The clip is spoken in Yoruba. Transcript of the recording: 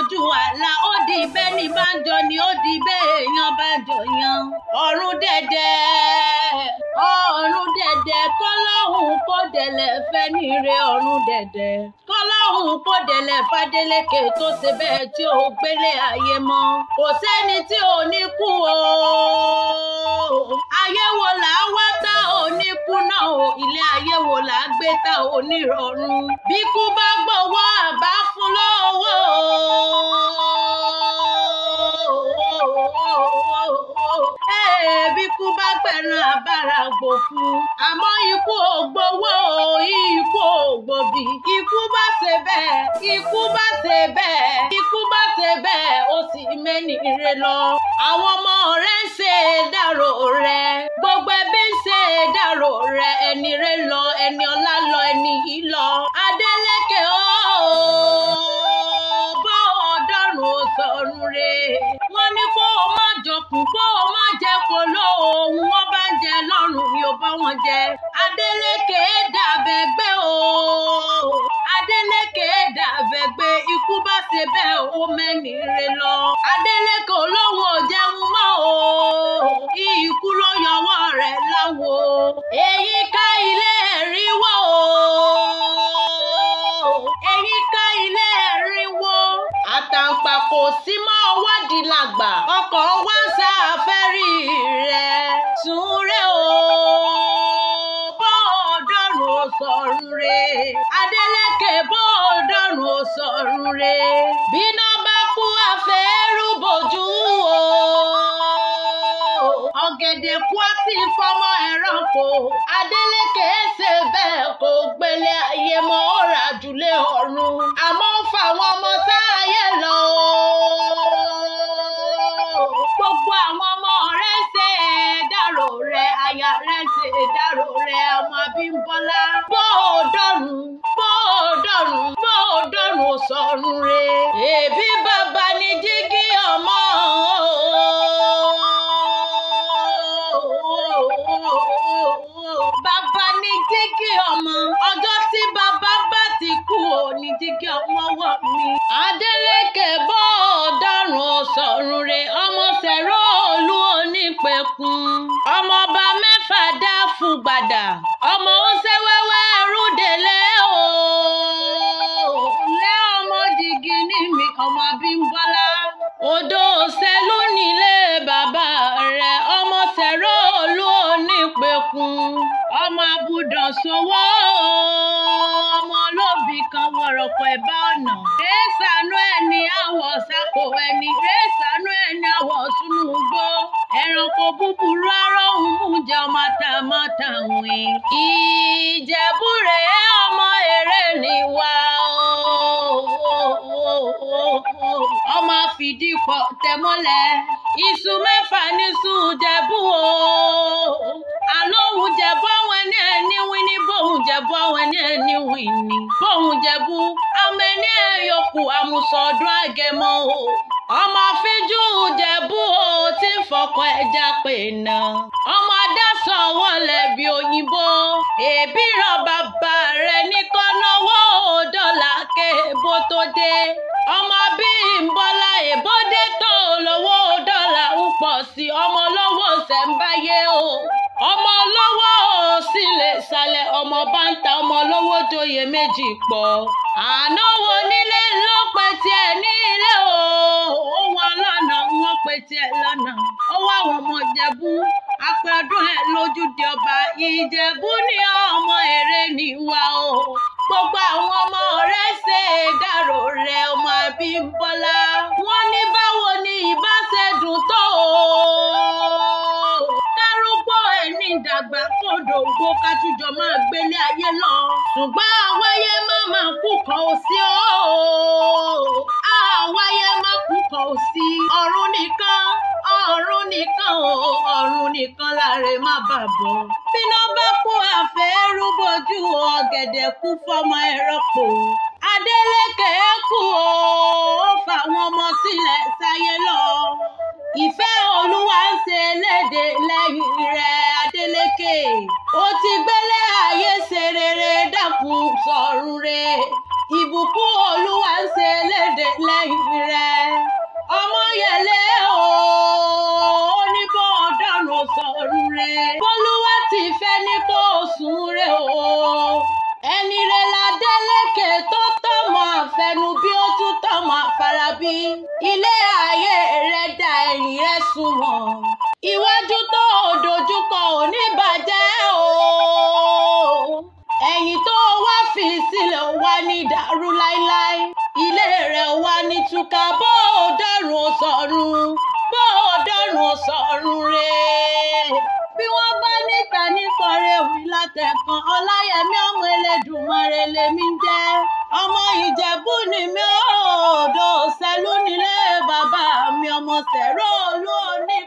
ojú àlá ó di ibẹ̀ ní bánjọ ni ó di ibẹ̀ èèyàn bánjọ yan. ọ̀run dẹ̀dẹ̀ ọ̀run dẹ̀dẹ̀ kọ́lọ́hún kó dẹ̀lẹ̀ fẹ́ níre ọ̀run dẹ̀dẹ̀ kọ́lọ́hún kó dẹ̀lẹ̀ fàdélékè tó ṣe bẹ́ẹ̀ tí ó gbélé ayé mọ́ kò sẹ́ni tí ò ní kú o. ayé wo là á wá tá ò ní kú náà o ilé ayé wo là á gbé tá ò ní rọrùn bí kú bá fún. àmọ́ ikú ò gbowó ikú ò gbòbí ikú bá ṣe bẹ́ẹ̀ ikú bá ṣe bẹ́ẹ̀ ikú bá ṣe bẹ́ẹ̀ ó sì mẹ́ni ire lọ. àwọn ọmọ rẹ̀ ń ṣe dárò rẹ̀ gbogbo ẹbí ń ṣe dárò rẹ̀ ẹni rẹ̀ lọ ẹni ọlá lọ ẹni yìí lọ. Adeleke o bọ́ ọ̀dọ́rùn ó sọ̀rùn re wọ́n ní kó o má jọkùn kó o má jẹ kóló ohun wọn bá ń jẹ lọ́rùn ni ó bá wọn jẹ. Adeleke dàbẹ̀gbẹ́ o Adeleke dàbẹ̀gbẹ́ ikú bá ṣe bẹ́ẹ̀ ó mẹ́ni re lọ. Adeleke olóhùn ò jẹun mọ́ o ikú ló yọwọ́ rẹ̀ láwo. Èyí ká ilé ẹ̀rí wọ̀ èyí ká ilé ẹ̀rí Àtàǹpà kò sí dìlàgbà ọkọ̀ wá sáfẹ́rí rẹ̀ súnrẹ́ o bó dọ̀rùn ó sọ̀rùn re Adeleke bó dọ̀rùn ó sọ̀rùn re bíná bá kú àfẹ́rù bòjú o ọ̀gẹ̀dẹ̀ kú àti fọmọ ẹranko Adeleke ṣe bẹ́ẹ̀ kó gbélé ayé mọ́ ó rà ọ̀run ọmọ Abímbọ́lá bó o dọ̀run bó o dọ̀run bó o dọ̀run ò sọ̀run sówó ọmọ olóbì kan wọ̀rọ̀kọ̀ ẹ̀bá ọ̀nà. rẹ́sànú ẹni àwọ̀ sákò ẹni rẹ́sànú ẹni àwọ̀ sunu gbó. ẹranko búburú arọ́hún mú jẹ́ ọmọ àtàmọ́tà wìn. ìjẹ̀bú rẹ̀ ọmọ eré níwá ọmọ fìdí pọ̀ tẹ̀mọ́lẹ̀ iṣu mẹ́fà ní sùn jẹ̀bú o àlóhùn jẹ bọ́wọ́n ní ẹni wíní bóhùn jẹ bọ́wọ́n ní ẹni wíní bóhùn jẹbu ọmọ ẹni ẹ yòókù àmùsọ̀dún àgẹmọ́ o ọmọ fíjú jẹ̀bú o ti fọkọ ẹja pè ná ọmọ dásán wọlé bí òyìnbó èbí ràn bàbá rẹ ní kọ́nọ́wó dọ́là ké bó tó dé ọmọ bíi ń èbó dé tó lówó dọ́là ń pọ̀ sí ọmọ lọ́wọ́ sẹ́ńbáyé o. ọmọ lọ́wọ́ ò sí lè ọmọ bá ń ta ọmọ lọ́wọ́ joyè méjì pọ̀ àná wo nílé ló pẹ́ tiẹ̀ ní ilé o owó ọlọ́nà wọn pẹ́ tiẹ̀ lọ́nà àwọn ọmọ Ìjẹ̀bú dògbò ká tújọ máa gbélé ayé lọ ṣùgbọ́n àwáyé má máa kú kan ò sí o àwáyé má kú kan ò sí ọ̀run nìkan ọ̀run nìkan o ọ̀run nìkan láre má bà bọ̀. bíná bá kú àfẹ́ rúbọjú ọ̀gẹ̀dẹ̀ kú fọmọ ẹ̀rọ pò Adeleke kú o. ó ti gbélé ayé ṣe dákun sọ̀run re ìbùkún olúwa ń ṣe léde lẹ́yìn rẹ̀ ọmọyẹlé o oníbọn ọ̀dọ́nù sọ̀run re bólúwa ti fẹ́ ní kó sùn re o ẹni re la délékè tó tọmọ àfẹnu bí ó tún tọmọ àfarabí ilé ayé rẹ̀ dà ẹ̀yìn rẹ̀ sunwọ̀n iwájú tó túká bó o dárùn ó sọ̀rùn bó o dárùn ó sọ̀rùn rè bí wọ́n bá níta nípọ̀rẹ́ òun látẹ̀kàn ọláyẹmí ọmọ elédùnmọ̀rẹ́ lèmi jẹ́ ọmọ ìjẹ̀bú ni mi ò dò sẹ́lú nílé bàbá mi ọmọ sẹ̀rọ̀ olú òní.